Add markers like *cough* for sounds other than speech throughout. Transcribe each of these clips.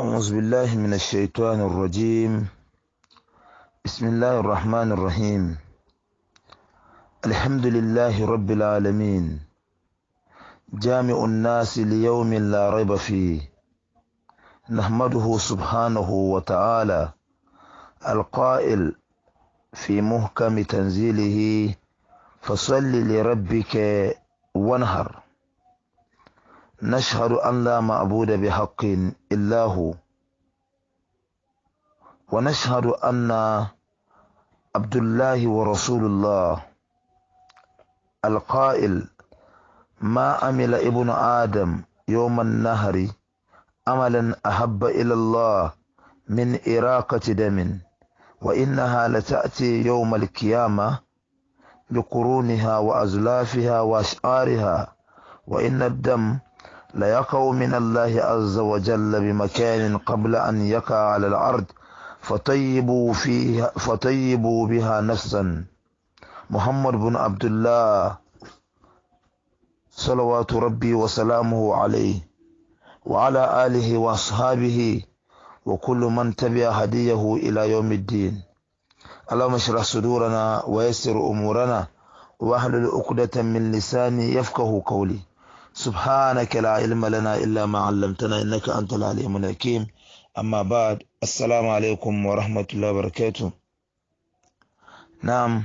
أعوذ بالله من الشيطان الرجيم بسم الله الرحمن الرحيم الحمد لله رب العالمين جامع الناس ليوم لا ريب فيه نحمده سبحانه وتعالى القائل في محكم تنزيله فصل لربك وانهر نشهد أن لا معبود بحق إلا هو ونشهد أن عبد الله ورسول الله القائل ما عمل ابن آدم يوم النهر عملا أحب إلى الله من إراقة دم وإنها لتأتي يوم القيامة بقرونها وأزلافها وأشعارها وإن الدم ليقع من الله عز وجل بمكان قبل أن يقع على الأرض فطيبوا فيها فطيبوا بها نفسا محمد بن عبد الله صلوات ربي وسلامه عليه وعلى آله وأصحابه وكل من تبع هديه إلى يوم الدين اللهم اشرح صدورنا ويسر أمورنا واحلل عقدة من لساني يفقه قولي سبحانك لا علم لنا إلا ما علمتنا إنك أنت العليم الحكيم أما بعد السلام عليكم ورحمة الله وبركاته نعم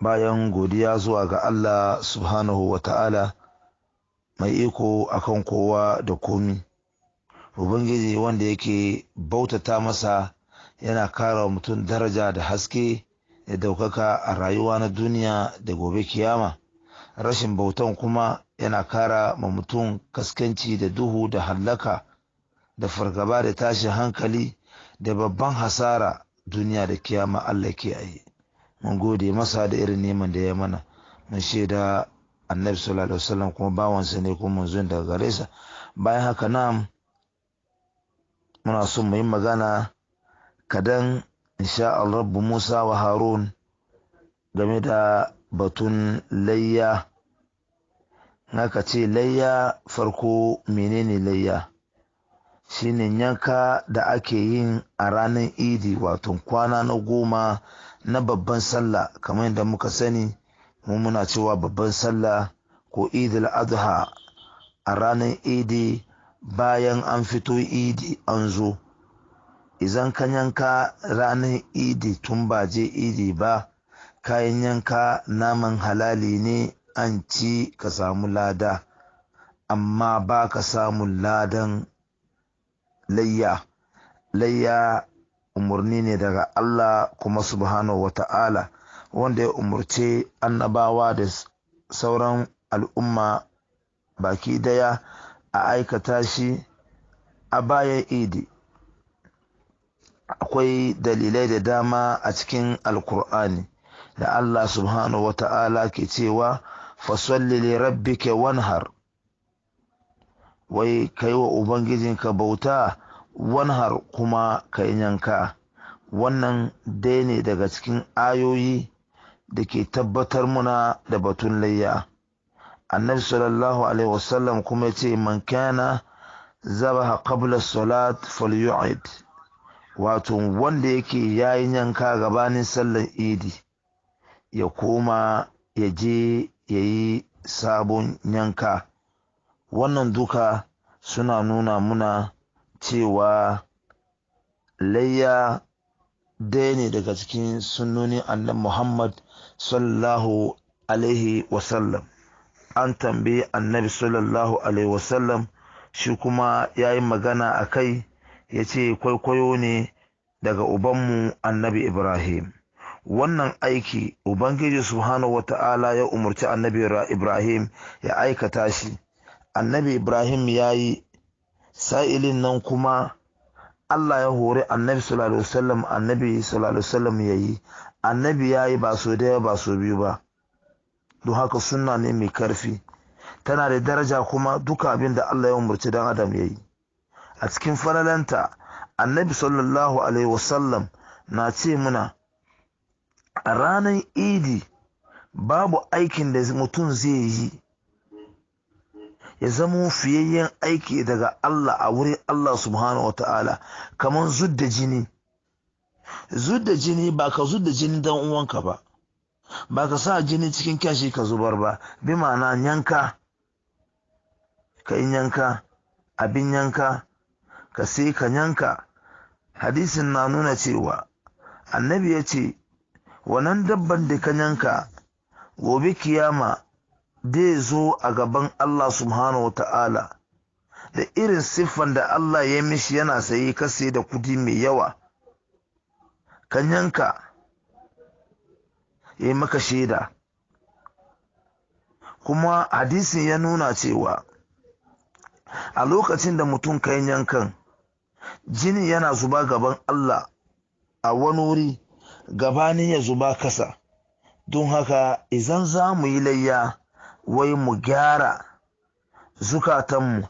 bayan godiya zuwa ga Allah subhanahu wa ta'ala mai iko a kan kowa da komi ubangiji wanda yake bautata masa yana kara mutum daraja da haske ya daukaka a rayuwa na duniya da gobe kiyama rashin bautan kuma yana kara ma mutum kaskanci da duhu da hallaka da fargaba da tashin hankali da babban hasara duniya da kiyama Allah ke yi mun gode masa da irin neman da ya mana mun shaida annabi sallallahu alaihi wasallam kuma bawansa ne kuma mun manzon daga gare sa bayan haka nan muna son mu yi magana kadan insha Allah Musa wa Harun game da batun layya n'aka ce layya farko menene layya shine yanka da ake yin a ranar idi wato kwana na goma na babban sallah kamar yadda muka sani mu muna cewa babban sallah ko idil adha a ranar idi bayan an fito idi an zo izan ka yanka ranar idi tun ba je idi ba kayan yanka naman halali ne an ci ka samu lada amma ba ka samun ladan layya layya umarni ne daga Allah kuma subhanahu wa ta'ala wanda ya umarce annabawa da sauran al'umma baki daya a aikata shi a bayan idi akwai dalilai da dama a cikin alkur'ani da Allah subhanahu wa ta'ala ke cewa fasalli li rabbika wanhar wai kai wa ubangijinka bauta wanhar kuma ka yanka wannan dai ne daga cikin ayoyi da ke tabbatar muna da batun layya annabi sallallahu alaihi wasallam kuma ce man kana zabaha qabla salat falyu'id wato wanda yake yayin yanka gabanin sallar idi ya koma ya je ya yi sabon yanka wannan duka suna nuna muna cewa layya daya ne daga cikin sunnonin annan muhammad sallallahu alaihi wasallam an tambayi annabi sallallahu alaihi wasallam shi kuma ya yi magana a kai ya ce kwaikwayo ne daga ubanmu annabi ibrahim wannan aiki ubangiji subhanahu wata'ala ya umarci annabi ibrahim ya aikata shi annabi ibrahim ya yi sa'ilin nan kuma allah ya hori annabi sallallahu wasallam annabi sallallahu wasallam ya yi annabi ya yi ba so daya ba so biyu ba don haka sunna ne mai karfi tana da daraja kuma duka abin da allah ya umarci dan adam ya yi a cikin falalanta annabi sallallahu alaihi wasallam na ce muna a ranar idi babu aikin da mutum zai yi ya zama fiyayyen aiki daga Allah a wurin Allah subhanahu wa ta'ala kamar zudda jini zudda jini ba ka zudda jini don uwanka ba ba ka sa jini cikin kyashi ka zubar ba bi ma'ana yanka ka yi yanka abin yanka ka sai ka yanka hadisin na nuna cewa annabi ya ce wannan dabban da ka yanka gobe kiyama zai zo a gaban Allah subhanahu wa ta'ala da irin siffan da Allah ya mishi yana sayi ka da kudi mai yawa kan yanka ya yi maka shaida kuma hadisin ya nuna cewa a lokacin da mutum kan yankan jini yana zuba gaban Allah a wani wuri gabanin ya zuba kasa don haka izan za mu yi layya wai mu gyara zukatanmu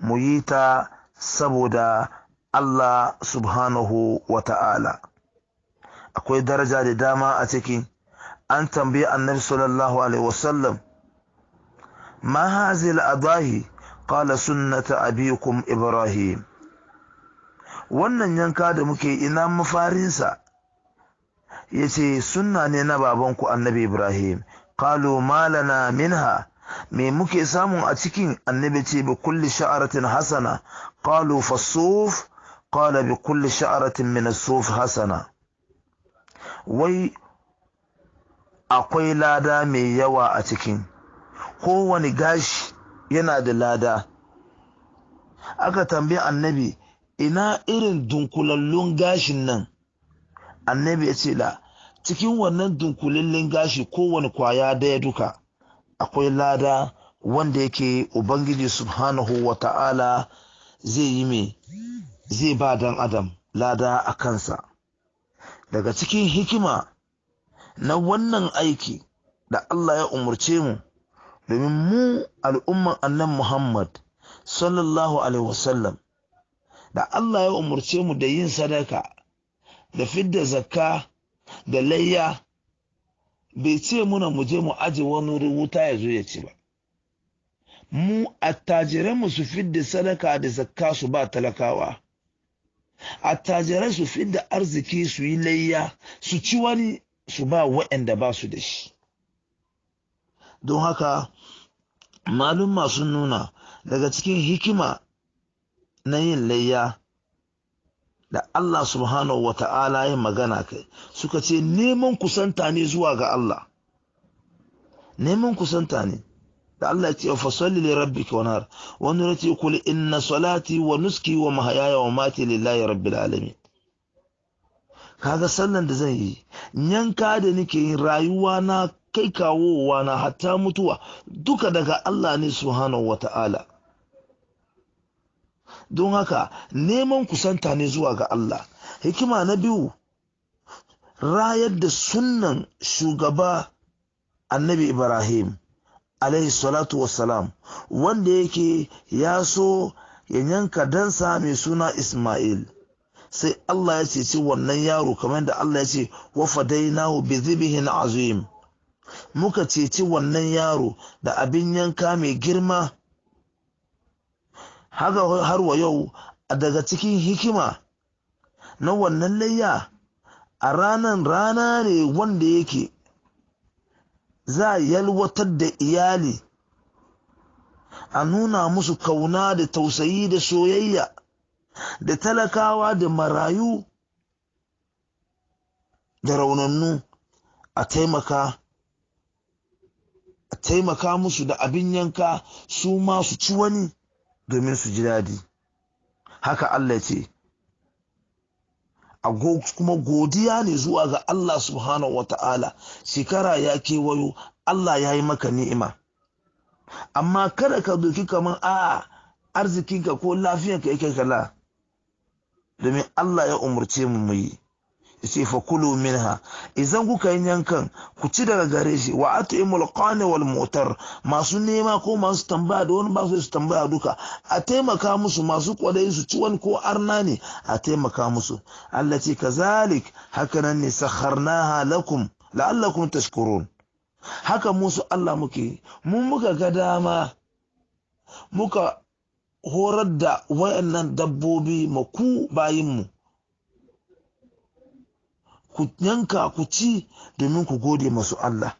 mu yi ta saboda Allah subhanahu wa ta'ala akwai daraja da dama a ciki an tambayi annabi sallallahu alaihi wasallam ma hazil adahi qala sunnata abikum ibrahim wannan yanka da muke ina mafarinsa yace sunna ne na babanku annabi Ibrahim qalu malana minha me muke samun a cikin annabi ce bi kulli sha'aratin hasana qalu fasuf qala bi kulli sha'aratin min as-suf hasana wai akwai lada mai yawa a cikin kowane gashi yana da lada aka tambayi annabi ina irin dunkulallun gashin nan annabi ya ce la cikin wannan dunkulillin gashi kowane kwaya daya duka akwai lada wanda yake ubangiji subhanahu wa ta'ala zai yi mai zai ba dan adam lada a kansa daga cikin hikima na wannan aiki da Allah ya umarce mu domin mu al'umman annan Muhammad sallallahu alaihi wasallam da Allah ya umarce mu da yin sadaka da fidda zakka da layya bai ce muna mu je mu aje wani rubuta ya zo ya ci ba mu mu su fidda sadaka da zakka su ba talakawa attajirai su fidda arziki su yi layya su ci wani su ba waɗanda ba su da shi don haka malum masu nuna daga cikin hikima na yin layya da Allah subhanahu wa ta'ala ya magana kai suka ce neman kusanta ne zuwa ga Allah neman kusanta ne da Allah ya ce fa salli li rabbika wanhar wani ya ce kul inna salati wa nuski wa mahayaya wa mati lillahi rabbil alamin kaga sallan da zan yi yanka da nake yin rayuwa na kai kawowa na hatta mutuwa duka daga Allah ne subhanahu wa ta'ala don haka neman kusanta ne zuwa ga Allah hikima na biyu rayar da sunnan shugaba annabi Ibrahim alaihi salatu wassalam wanda yake ya so ya yanka dansa mai suna Ismail sai Allah ya ceci wannan yaro kamar da Allah ya ce wa fadainahu bi dhibhin azim muka ceci wannan yaro da abin yanka mai girma haka har wa yau daga cikin hikima na wannan layya a ranan rana ne wanda yake za a yalwatar da iyali a nuna musu kauna da tausayi da soyayya da talakawa da marayu da raunannu a taimaka a taimaka musu da abin yanka su ma su ci wani domin su ji daɗi haka Allah ce a kuma godiya ne zuwa ga Allah subhanahu wa ta'ala shekara ya kewayo Allah ya yi maka ni'ima amma kada ka doki kamar a arzikinka ko lafiyanka yake kala domin Allah ya umarce mu mu yi yace fa kulu minha idan kuka yi yankan ku ci daga gare shi wa atimul qani wal mutar masu nema ko masu tambaya da wani basu su tambaya duka a taimaka musu masu kwadai su ci wani ko arna ne a taimaka musu Allah ce kazalik haka nan ne sakharnaha lakum la'allakum tashkurun haka musu Allah muke mun muka ga dama muka horar da wayannan dabbobi maku bayinmu ku yanka ku ci domin ku gode masu Allah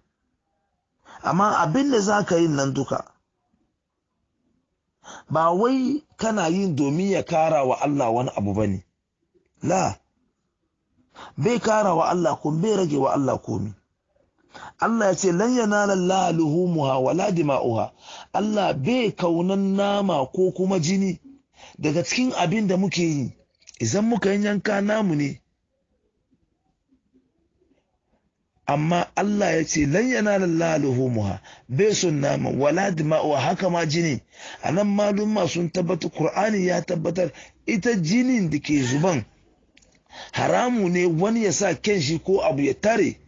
amma abin da za ka yi nan duka ba wai kana yin domin ya kara wa Allah wani abu ba ne la bai kara wa Allah ko bai rage wa Allah komi Allah ya ce lan yanala Allah wala dima'uha Allah bai kaunan nama ko kuma jini daga cikin abin da muke yi idan muka yi yanka namu ne amma Allah ya ce lan yana lallalu humuha bai sun nama wala dima'uwa haka ma jini a nan malumma sun tabbatar Kur'ani ya tabbatar ita jinin da ke zuban haramu ne wani ya sa ken shi ko abu ya tare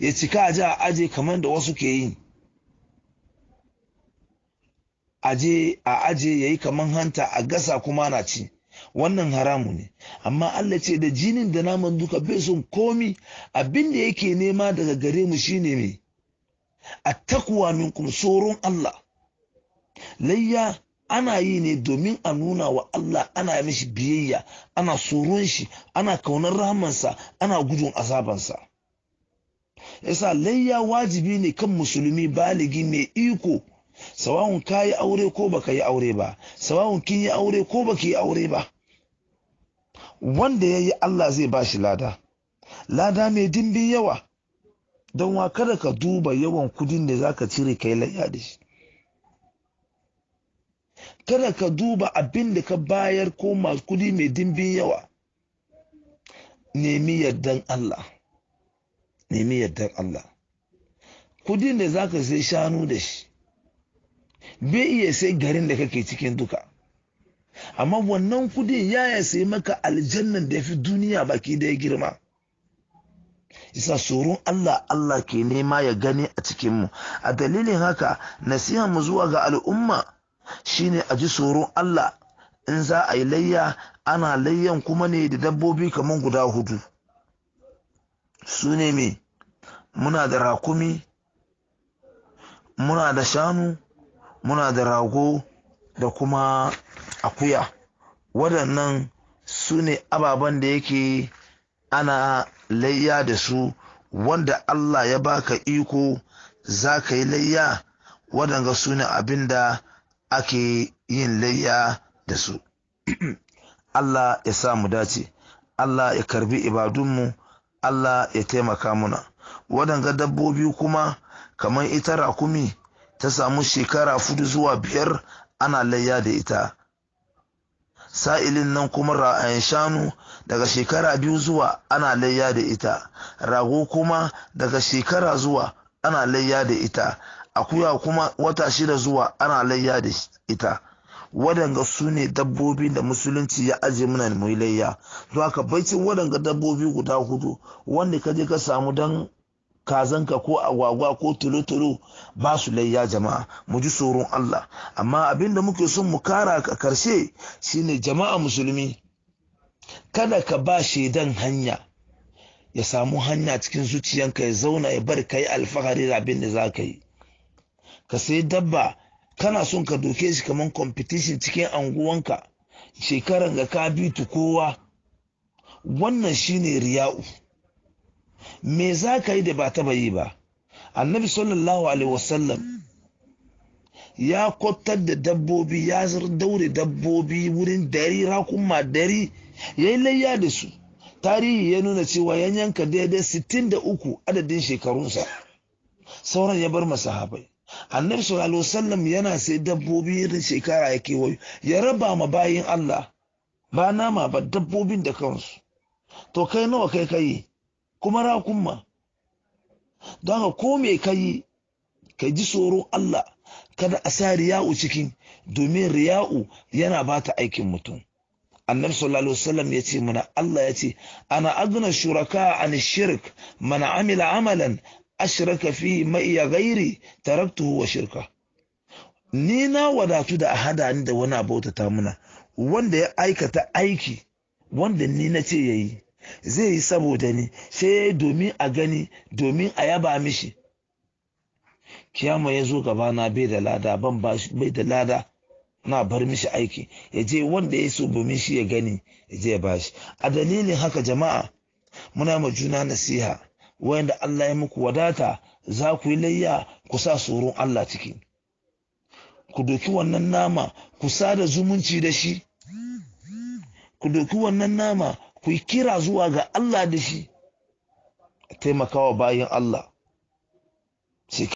ya cika aje a aje kamar da wasu ke yi aje a aje yayi kamar hanta a gasa kuma na ci wannan haramu ne amma Allah ce da jinin da naman duka bai son komi abin da yake nema daga gare mu shine me attaqwa min soron Allah layya ana yi ne domin a nuna wa Allah ana mishi biyayya ana tsoron shi ana kaunar sa, ana gudun azabansa yasa layya wajibi ne kan musulmi baligi mai iko sawa'un ka yi aure ko baka yi aure ba sawa'un kin yi aure ko baki yi aure ba wanda ya yi Allah zai ba shi lada lada mai dimbin yawa don wa kada ka duba yawan kudin da zaka cire kai layya da shi kada ka duba abin da ka bayar ko masu kudi mai dimbin yawa nemi yardan Allah nemi yardan Allah kudin da zaka sai shanu da shi bai iya sai garin da kake cikin duka amma wannan kudin ya ya sai maka aljannan da ya fi duniya baki da ya girma isa tsoron Allah Allah ke nema ya gani a cikinmu a dalilin haka nasiha mu zuwa ga al'umma shine a ji tsoron Allah in za a yi layya ana layyan kuma ne da dabbobi kamar guda hudu su ne me muna da rakumi muna da shanu muna da rago da kuma akuya waɗannan su ne ababen da yake ana layya da su wanda Allah ya baka iko za ka yi layya waɗanga su ne abin da ake yin layya da su *clears throat* Allah ya sa mu dace Allah ya karbi ibadunmu Allah ya taimaka muna waɗanga dabbobi kuma kamar ita rakumi ta samu shekara fudu zuwa biyar ana layya da ita sa'ilin nan kuma ra'ayin shanu daga shekara biyu zuwa ana layya da ita rago kuma daga shekara zuwa ana layya da ita akuya kuma wata shida zuwa ana layya da ita waɗanga su ne dabbobi da musulunci ya aje mana layya don haka baicin waɗanga dabbobi guda hudu wanda ka je ka samu don kazanka ko agwagwa ko tulu ba su layya jama'a mu ji tsoron Allah amma abin da muke son mu kara a karshe shine jama'a musulmi kada ka ba shaidan hanya ya samu hanya cikin zuciyanka ya zauna ya bar kai alfahari da abin da za ka yi ka sai dabba kana son ka doke shi kamar competition cikin anguwanka shekaran ga ka bitu kowa wannan shine riya'u me za ka yi da ba taba yi ba annabi sallallahu alaihi wasallam ya kwatar da dabbobi ya daure dabbobi wurin dari rakuma dari ya yi layya da su tarihi ya nuna cewa ya yanka daidai 63 adadin shekarunsa sauran ya bar masahabai annabi sallallahu alaihi wasallam yana sai dabbobi irin shekara ya kewayo ya raba ma bayin Allah ba nama ba dabbobin da kansu to kai nawa kai kai kuma rakunma don haka ko mai ka yi ka ji tsoron Allah kada a sa riya'u cikin domin riya'u yana ba ta aikin mutum annabi sallallahu alaihi wasallam ya ce mana Allah ya ce ana agna shuraka an shirk mana amila amalan ashraka fi ya gairi taraktuhu wa shirka ni na wadatu da a hada ni da wani abota ta muna wanda ya aikata aiki wanda ni na ce yayi zai yi saboda ni sai ya domin a gani domin a yaba mishi kiyama ya zo gaba na bai da lada ban bai da lada na bar mishi aiki ya je wanda ya so domin shi ya gani ya je ba shi a dalilin haka jama'a muna ma juna nasiha wayanda Allah ya muku wadata za ku yi layya ku sa tsoron Allah ciki ku doki wannan nama ku sada zumunci da shi ku doki wannan nama ku yi kira zuwa ga Allah da shi taimakawa bayan Allah